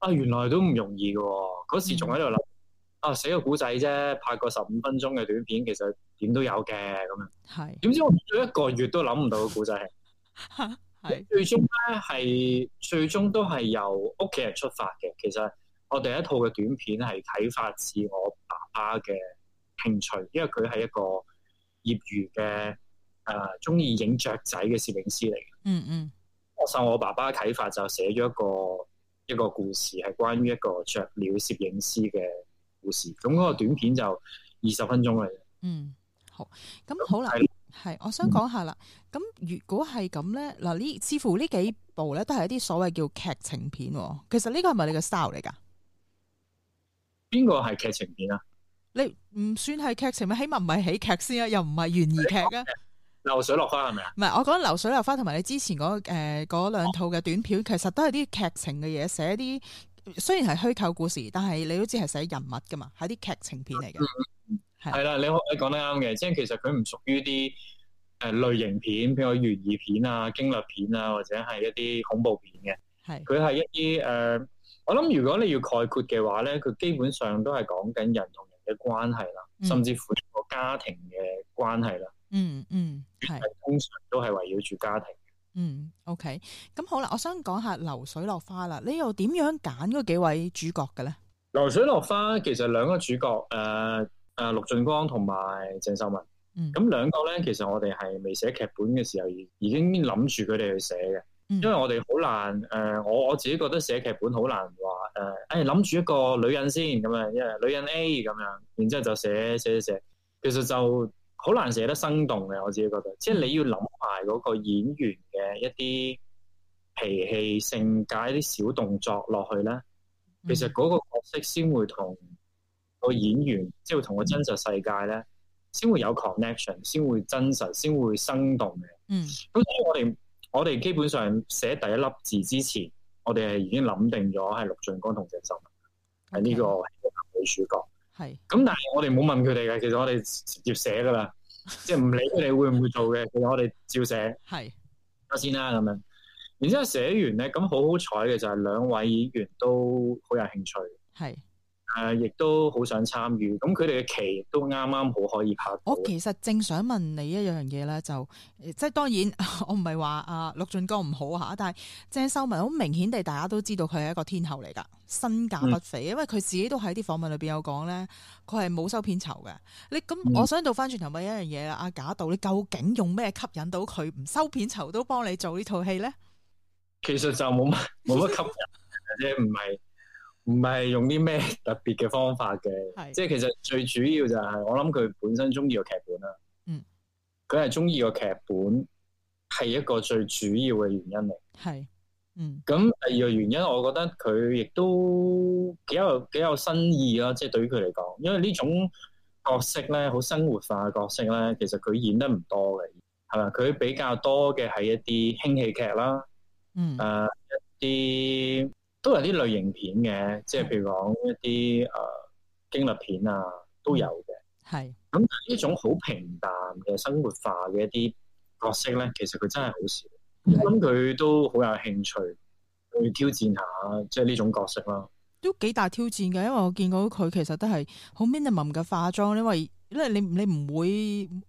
啊，原來都唔容易嘅，哦，嗰時仲喺度諗，嗯、啊寫個古仔啫，拍個十五分鐘嘅短片，其實點都有嘅咁樣。係是，點知我咗一個月都諗唔到個古仔。吓 是，係最終咧，係最終都係由屋企人出發嘅。其實我第一套嘅短片係啟發自我爸爸嘅興趣，因為佢係一個業餘嘅誒，中意影雀仔嘅攝影師嚟嘅。嗯嗯，我受我爸爸啟發就寫咗一個。一個故事係關於一個雀鳥攝影師嘅故事，咁嗰個短片就二十分鐘嘅。嗯，好，咁好啦，係那，我想講下啦。咁、嗯、如果係咁咧，嗱呢，似乎呢幾部咧都係一啲所謂叫劇情片，其實呢個係咪你嘅 style 嚟噶？邊個係劇情片啊？你唔算係劇情片，起碼唔係喜劇先啊，又唔係懸疑劇啊？ 流水落花係咪啊？唔係，我得流水落花同埋你之前嗰誒兩套嘅短片，其實都係啲劇情嘅嘢，寫啲雖然係虛構故事，但係你都知係寫人物噶嘛，係啲劇情片嚟嘅。係啦、嗯是，你你講得啱嘅，即係其實佢唔屬於啲誒類型片，譬如懸疑片啊、驚慄片啊，或者係一啲恐怖片嘅。係是，佢係一啲誒、呃，我諗如果你要概括嘅話咧，佢基本上都係講緊人同人嘅關係啦，甚至乎個家庭嘅關係啦。嗯嗯嗯係，通常都係圍繞住家庭嗯，OK 咁好啦，我想講下流水落花啦，你又點樣揀嗰幾位主角嘅咧？流水落花其實兩個主角誒誒陸駿光同埋鄭秀文，咁兩、嗯、個咧其實我哋係未寫劇本嘅時候已已經諗住佢哋去寫嘅，因為我哋好難誒、呃，我我自己覺得寫劇本好難話誒，誒諗住一個女人先咁樣，因為女人 A 咁樣，然之後就寫寫寫寫，其實就。好難寫得生動嘅，我自己覺得，即係你要諗埋嗰個演員嘅一啲脾氣、性格、啲小動作落去咧，嗯、其實嗰個角色先會同個演員，嗯、即係會同個真實世界咧，先會有 connection，先會真實，先會生動嘅。嗯，咁所以我哋我哋基本上寫第一粒字之前，我哋係已經諗定咗係陸駿光同鄭秀文係呢 Okay. 個女主角。係，咁是但係我哋冇問佢哋嘅，其實我哋直接寫噶啦， 即係唔理佢哋會唔會，會做嘅，其實我哋照寫。係是，咁先啦咁樣，然之後寫完咧，咁好好彩嘅就係兩位演員都好有興趣。係。誒、啊，亦都好想參與，咁佢哋嘅期都啱啱好可以拍。我其實正想問你一樣嘢咧，就、呃、即係當然，啊、我唔係話阿陸駿光唔好吓，但係鄭秀文好明顯地，大家都知道佢係一個天后嚟噶，身價不菲，因為佢自己都喺啲訪問裏邊有講咧，佢係冇收片酬嘅。你咁，嗯、我想倒翻轉頭問一樣嘢啦，阿賈導，你究竟用咩吸引到佢唔收片酬都幫你做呢套戲咧？其實就冇乜，冇乜吸引嘅啫，唔係。 唔係用啲咩特別嘅方法嘅，是即係其實最主要就係、是、我諗佢本身中意個劇本啦。嗯，佢係中意個劇本係一個最主要嘅原因嚟。係，嗯。咁第二個原因，我覺得佢亦都幾有幾有新意啦。即、就、係、是、對於佢嚟講，因為呢種角色咧，好生活化嘅角色咧，其實佢演得唔多嘅，係咪？佢比較多嘅係一啲輕喜劇啦，嗯，誒、呃，一啲。都係啲類型片嘅，即係譬如講一啲誒驚慄片啊，都有嘅。係咁呢種好平淡嘅生活化嘅一啲角色咧，其實佢真係好少。咁佢的、嗯、都好有興趣去挑戰下，即係呢種角色囉。都幾大挑戰嘅，因為我見到佢，其實都係好 minimum 嘅化妝，因為。因為你你唔會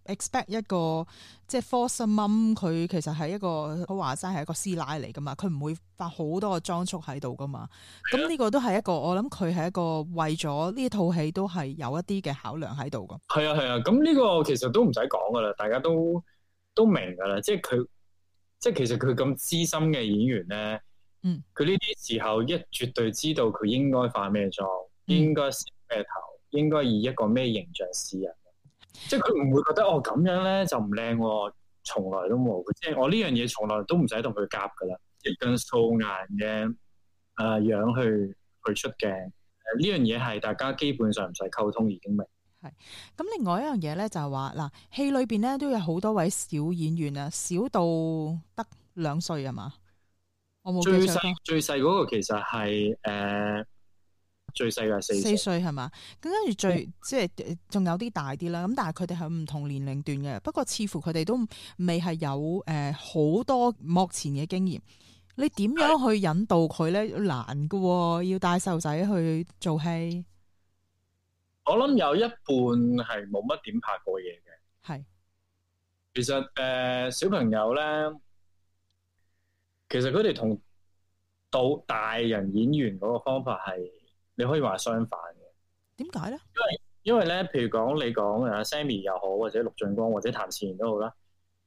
expect 一個即係 foster mum，佢其實係一個好話齋係一個師奶嚟噶嘛，佢唔會化好多個妝束喺度噶嘛。咁呢、啊、個都係一個我諗佢係一個為咗呢套戲都係有一啲嘅考量喺度噶。係啊，係啊，咁呢、啊、個其實都唔使講噶啦，大家都都明噶啦。即係佢即係其實佢咁資深嘅演員咧，嗯，佢呢啲時候一絕對知道佢應該化咩妝，應該梳咩頭。嗯應該以一個咩形象示人？即係佢唔會覺得我咁、 哦、樣咧就唔靚喎，從來都冇。即係我呢樣嘢從來都唔使同佢夾噶啦，亦跟素顏嘅誒、呃、樣去去出鏡。呢、呃、樣嘢係大家基本上唔使溝通已經明。係咁，另外一樣嘢咧就係話嗱，戲裏邊咧都有好多位小演員啊，小到得兩歲係嘛？我冇最細最細嗰個其實係誒。呃最細嘅係四歲係嘛？咁跟住最、嗯、即係仲有啲大啲啦。咁但係佢哋係唔同年齡段嘅。不過似乎佢哋都未係有誒好、呃、多幕前嘅經驗。你點樣去引導佢咧？難嘅、哦，要帶細仔去做戲。我諗有一半係冇乜點拍過嘢嘅。係是其實誒、呃、小朋友咧，其實佢哋同到大人演員嗰個方法係。你可以話相反嘅，點解咧？因為因為咧，譬如講你講阿 Sammy 又好，或者陸俊光或者譚善然都好啦。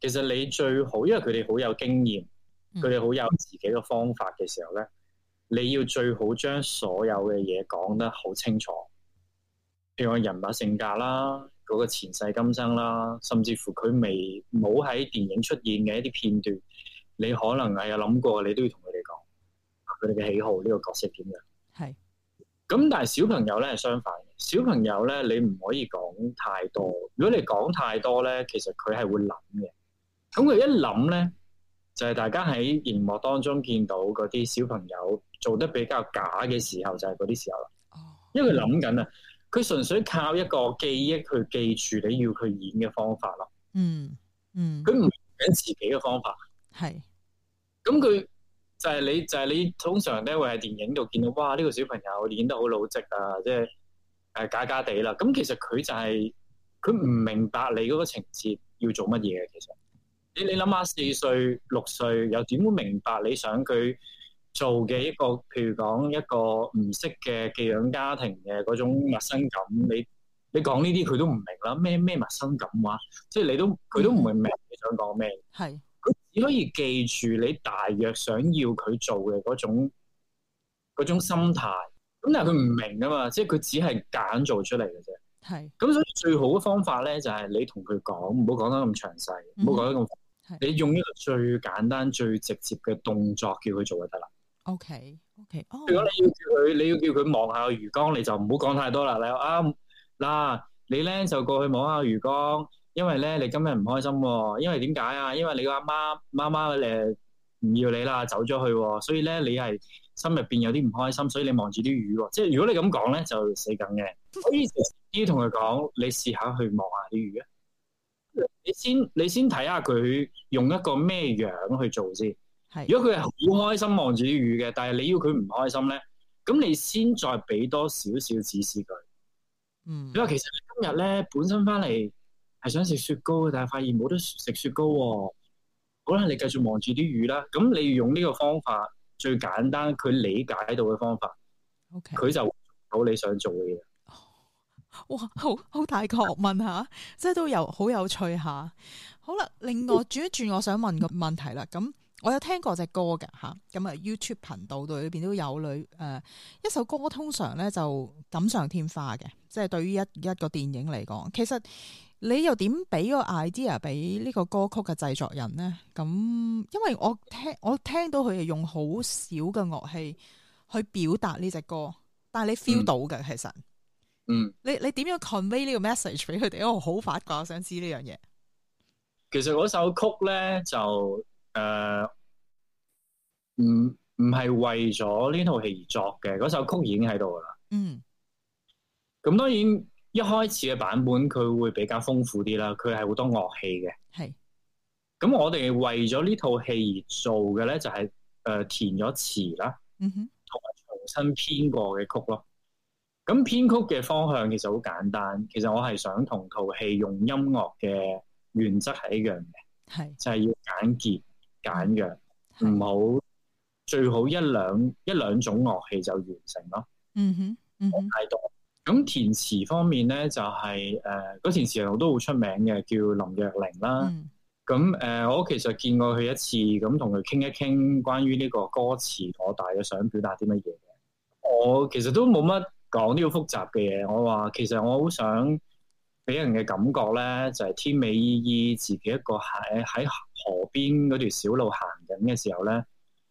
其實你最好，因為佢哋好有經驗，佢哋好有自己嘅方法嘅時候咧，嗯、你要最好將所有嘅嘢講得好清楚。譬如我人物性格啦，嗰、嗰個前世今生啦，甚至乎佢未冇喺電影出現嘅一啲片段，你可能係有諗過，你都要同佢哋講。佢哋嘅喜好呢、呢個角色點樣？係。咁但係小朋友咧係相反嘅，小朋友咧你唔可以講太多。如果你講太多咧，其實佢係會諗嘅。咁佢一諗咧，就係大家喺熒幕當中見到嗰啲小朋友做得比較假嘅時候，就係嗰啲時候啦。哦，因為佢諗緊啊，佢純粹靠一個記憶去記住你要佢演嘅方法咯。嗯嗯，佢唔想自己嘅方法，係。咁佢。但係你，就係你，通常咧會喺電影度見到，哇！呢個小朋友演得好老直啊，即係誒假假地啦。咁其實佢就係佢唔明白你嗰個情節要做乜嘢嘅。其實你你諗下，四歲、六歲又點會明白你想佢做嘅一個？譬如講一個唔識嘅寄養家庭嘅嗰種陌生感，你你講呢啲佢都唔明啦。咩咩陌生感話？即係你都佢都唔會明你想講咩？係。你可以記住你大約想要佢做嘅嗰種，嗰種心態，咁但係佢唔明啊嘛，即係佢只係揀做出嚟嘅啫。係是，咁所以最好嘅方法咧就係、是、你同佢講，唔好講得咁詳細，唔好講得咁，是你用一個最簡單、最直接嘅動作叫佢做就得啦。OK，OK、okay. Okay . oh。如果你要叫佢，你要叫佢望下個魚缸，你就唔好講太多啦。你話啊嗱、啊，你咧就過去望下個魚缸。因為咧，你今日唔開心，因為點解啊？因為你個阿媽媽媽誒唔要你啦，走咗去喎，所以咧你係心入邊有啲唔開心，所以你望住啲魚。即係如果你咁講咧，就死梗嘅。我以前啲同佢講，你試下去望下啲魚。你先你先睇下佢用一個咩樣去做先。係是如果佢係好開心望住啲魚嘅，但係你要佢唔開心咧，咁你先再俾多少少指示佢。嗯，因為其實你今日咧本身翻嚟，係想食雪糕嘅，但係發現冇得食雪糕喎、哦。好啦，你繼續望住啲魚啦。咁你用呢個方法最簡單，佢理解到嘅方法，佢 Okay. 就好你想做嘅嘢。哇，好好大嘅學 問吓，即係都有好有趣吓、啊。好啦，另外轉一轉，我想問個問題啦。咁我有聽過隻歌嘅吓，咁啊、嗯、YouTube 頻道度裏邊都有女誒、呃、一首歌，通常咧就錦上添花嘅，即係對於一一個電影嚟講，其實。你又點俾個 idea 俾呢個歌曲嘅製作人呢？咁因為我聽我聽到佢係用好少嘅樂器去表達呢隻歌，但係你 feel 到嘅、嗯、其實，嗯，你你點樣 convey 呢個 message 俾佢哋？因我好發覺，我想知呢樣嘢。其實嗰首曲咧就誒，唔唔係為咗呢套戲而作嘅，嗰首曲已經喺度噶啦。嗯。咁當然。一開始嘅版本佢會比較豐富啲啦，佢係好多樂器嘅。係。咁我哋為咗呢套戲而做嘅咧，就係誒填咗詞啦，嗯哼，同埋重新編過嘅曲咯。咁編曲嘅方向其實好簡單，其實我係想同套戲用音樂嘅原則係一樣嘅，係就係要簡潔簡約，唔好最好一兩一兩種樂器就完成咯。嗯哼，嗯哼。嗯哼。咁填詞方面咧，就係、是、誒，嗰填詞人我都好出名嘅，叫林若寧啦。咁誒、嗯呃，我其實見過佢一次，咁同佢傾一傾關於呢個歌詞我大約想表達啲乜嘢嘅。我其實都冇乜講啲好複雜嘅嘢。我話其實我好想俾人嘅感覺咧，就係、是、天美依依自己一個喺喺河邊嗰條小路行緊嘅時候咧，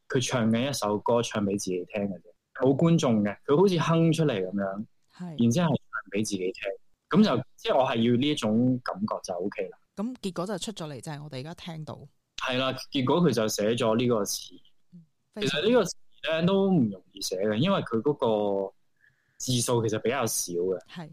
佢唱緊一首歌，唱俾自己聽嘅啫，冇觀眾嘅。佢好似哼出嚟咁樣。係，是然之後係唱俾自己聽，咁、嗯、就即係我係要呢一種感覺就 O K 啦。咁結果就出咗嚟，就係、是、我哋而家聽到。係啦，結果佢就寫咗呢個詞。嗯、其實呢個詞咧、嗯、都唔容易寫嘅，因為佢嗰個字數其實比較少嘅，係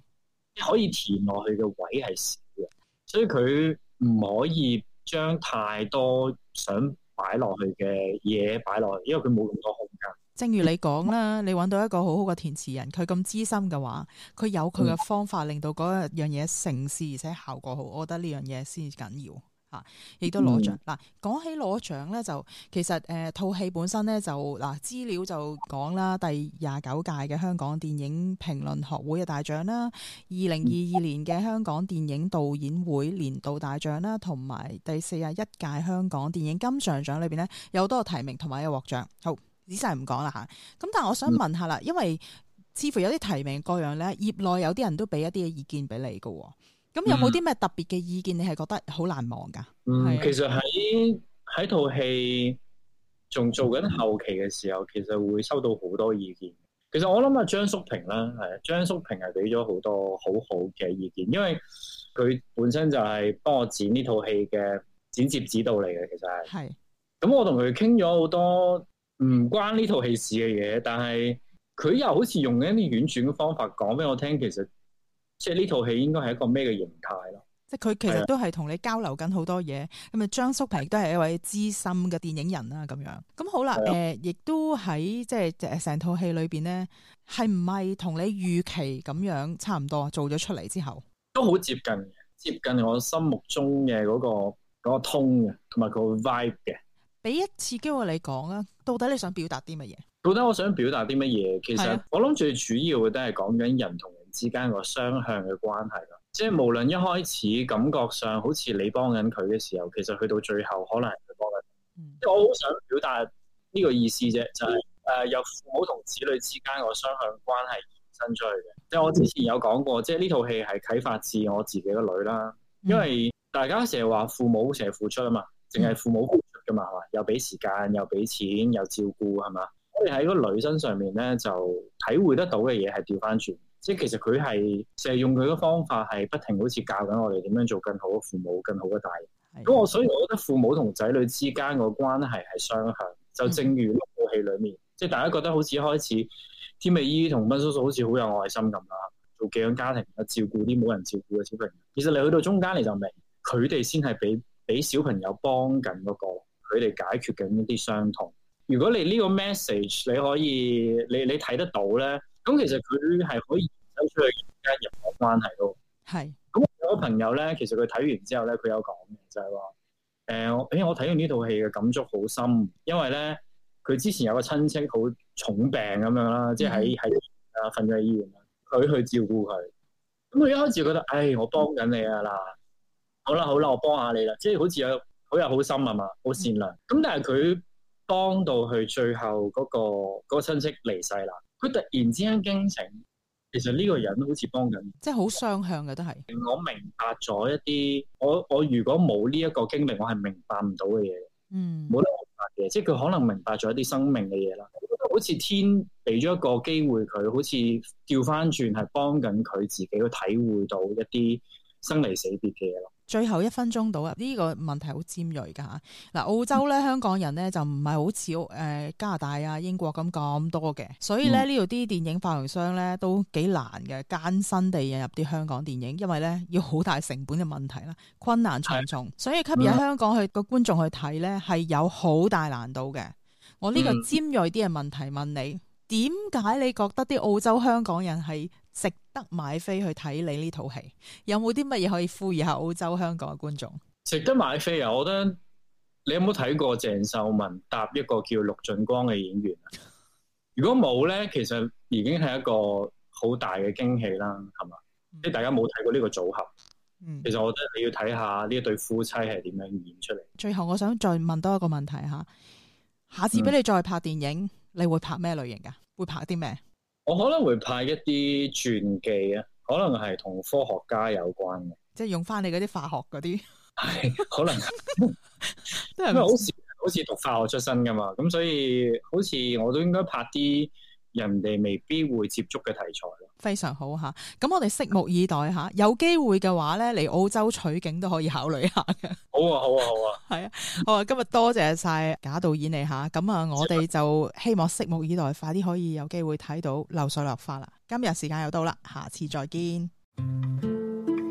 是可以填落去嘅位係少嘅，所以佢唔可以將太多想擺落去嘅嘢擺落去，因為佢冇咁多空間。正如你講啦，你搵到一個好好嘅填詞人，佢咁資深嘅話，佢有佢嘅方法，令到嗰一樣嘢成事，而且效果好。我覺得、啊啊、呢樣嘢先至緊要吓，亦都攞獎嗱。講起攞獎咧，就其實誒、呃、套戲本身咧就嗱資、啊、料就講啦，第廿九屆嘅香港電影評論學會嘅大獎啦，二零二二年嘅香港電影導演會年度大獎啦，同埋第四十一屆香港電影金像獎裏邊呢，有多個提名同埋一個獲獎好。仔細唔講啦吓，咁但係我想問下啦，嗯、因為似乎有啲提名各樣咧，業內有啲人都俾一啲嘅意見俾你噶，咁有冇啲咩特別嘅意見？你係覺得好難忘噶？嗯，的其實喺喺套戲仲做緊後期嘅時候，嗯、其實會收到好多意見。其實我諗阿張叔平啦，係張叔平係俾咗好多好好嘅意見，因為佢本身就係幫我剪呢套戲嘅剪接指導嚟嘅。其實係，係咁的我同佢傾咗好多。唔關呢套戲事嘅嘢，但係佢又好似用緊一啲婉轉嘅方法講俾我聽，其實即係呢套戲應該係一個咩嘅形態咯。即係佢其實都係同你交流緊好多嘢。咁啊的，張叔平亦都係一位資深嘅電影人啦。咁樣咁好啦，誒的，亦、呃、都喺即係成套戲裏邊咧，係唔係同你預期咁樣差唔多？做咗出嚟之後，都好接近，接近我心目中嘅嗰、那個嗰、那個 tone 嘅，同埋個 vibe 嘅。俾一次機會你講啊，到底你想表達啲乜嘢？到底我想表達啲乜嘢？其實的我諗最主要嘅都係講緊人同人之間個雙向嘅關係咯。嗯、即係無論一開始感覺上好似你幫緊佢嘅時候，其實去到最後可能係佢幫緊你。嗯、即係我好想表達呢個意思啫，就係誒由父母同子女之間個雙向關係延伸出去嘅。即係我之前有講過，即係呢套戲係啟發自我自己個女啦。因為大家成日話父母成日付出啊嘛，淨係、嗯、父母。嘛嘛，又俾時間，又俾錢，又照顧，係嘛。我哋喺嗰女身上面咧，就體會得到嘅嘢係掉返轉，即係其實佢係成日用佢嘅方法係不停好似教緊我哋點樣做更好嘅父母，更好嘅大人。咁的我所以我覺得父母同仔女之間個關係係雙向。就正如呢套戲裏面，嗯、即係大家覺得好似一開始天美姨同溫叔叔好似好有愛心咁啦，做寄養家庭啊，照顧啲冇人照顧嘅小朋友。其實你去到中間你就明，佢哋先係俾俾小朋友幫緊嗰個。佢哋解決緊一啲傷痛。如果你呢個 message 你可以你你睇得到咧，咁其實佢係可以走出去間人際關係咯。係是。咁有個朋友咧，其實佢睇完之後咧，佢有講嘅就係話：誒、欸，因為我睇完呢套戲嘅感觸好深，因為咧佢之前有個親戚好重病咁樣啦，即係喺喺啊瞓咗喺醫院佢去照顧佢。咁佢一開始覺得：唉、哎，我幫緊你啊、嗯、啦！好啦好啦，我幫下你啦。即係好似有。好有好心啊嘛，好善良。咁但係佢幫到佢最後嗰個嗰個親戚離世啦，佢突然之間驚醒，其實呢個人好似幫緊，即係好雙向嘅都係。我明白咗一啲，我我如果冇呢一個經歷，我係明白唔到嘅嘢。嗯，冇得明白嘅，即係佢可能明白咗一啲生命嘅嘢啦。我覺得好似天俾咗一個機會佢，好似調翻轉係幫緊佢自己去體會到一啲生離死別嘅嘢咯。最後一分鐘到啊！呢、這個問題好尖鋭噶嚇。嗱、啊，澳洲咧，香港人咧就唔係好似誒加拿大啊、英國咁咁多嘅，所以咧呢度啲、嗯、電影發行商咧都幾難嘅，艱辛地引入啲香港電影，因為咧要好大成本嘅問題啦，困難重重，是所以吸引香港去個觀眾去睇咧係有好大難度嘅。我呢個尖鋭啲嘅問題問你，點解、嗯、你覺得啲澳洲香港人係？值得買飛去睇你呢套戲，有冇啲乜嘢可以呼籲下澳洲、香港嘅觀眾？值得買飛啊！我覺得你有冇睇過鄭秀文搭一個叫陸俊光嘅演員啊？如果冇咧，其實已經係一個好大嘅驚喜啦，係嘛？即係、嗯、大家冇睇過呢個組合。其實我覺得你要睇下呢一對夫妻係點樣演出嚟。嗯、最後，我想再問多一個問題吓：下次俾你再拍電影，嗯、你會拍咩類型噶？會拍啲咩？我可能會拍一啲傳記啊，可能係同科學家有關嘅，即係用翻你嗰啲化學嗰啲，係可能，因為好似好似讀化學出身㗎嘛，咁所以好似我都應該拍啲。人哋未必會接觸嘅題材，非常好吓。咁我哋拭目以待吓，有機會嘅話咧，嚟澳洲取景都可以考慮一下嘅。好啊，好啊，好啊。係 啊，好啊，今日多謝晒賈導演嚟。吓。咁啊，我哋就希望拭目以待，吧快啲可以有機會睇到流水落花啦。今日時間又到啦，下次再見。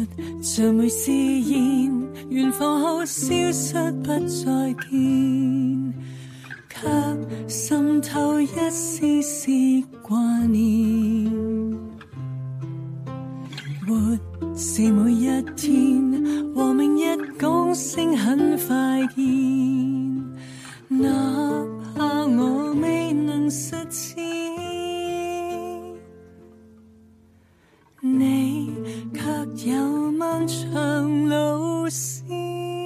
像每誓言燃放後消失不再見，卻滲透一絲絲掛念。活是每一天，和明日講聲很快見，哪怕我未能實踐。你卻有漫長路線。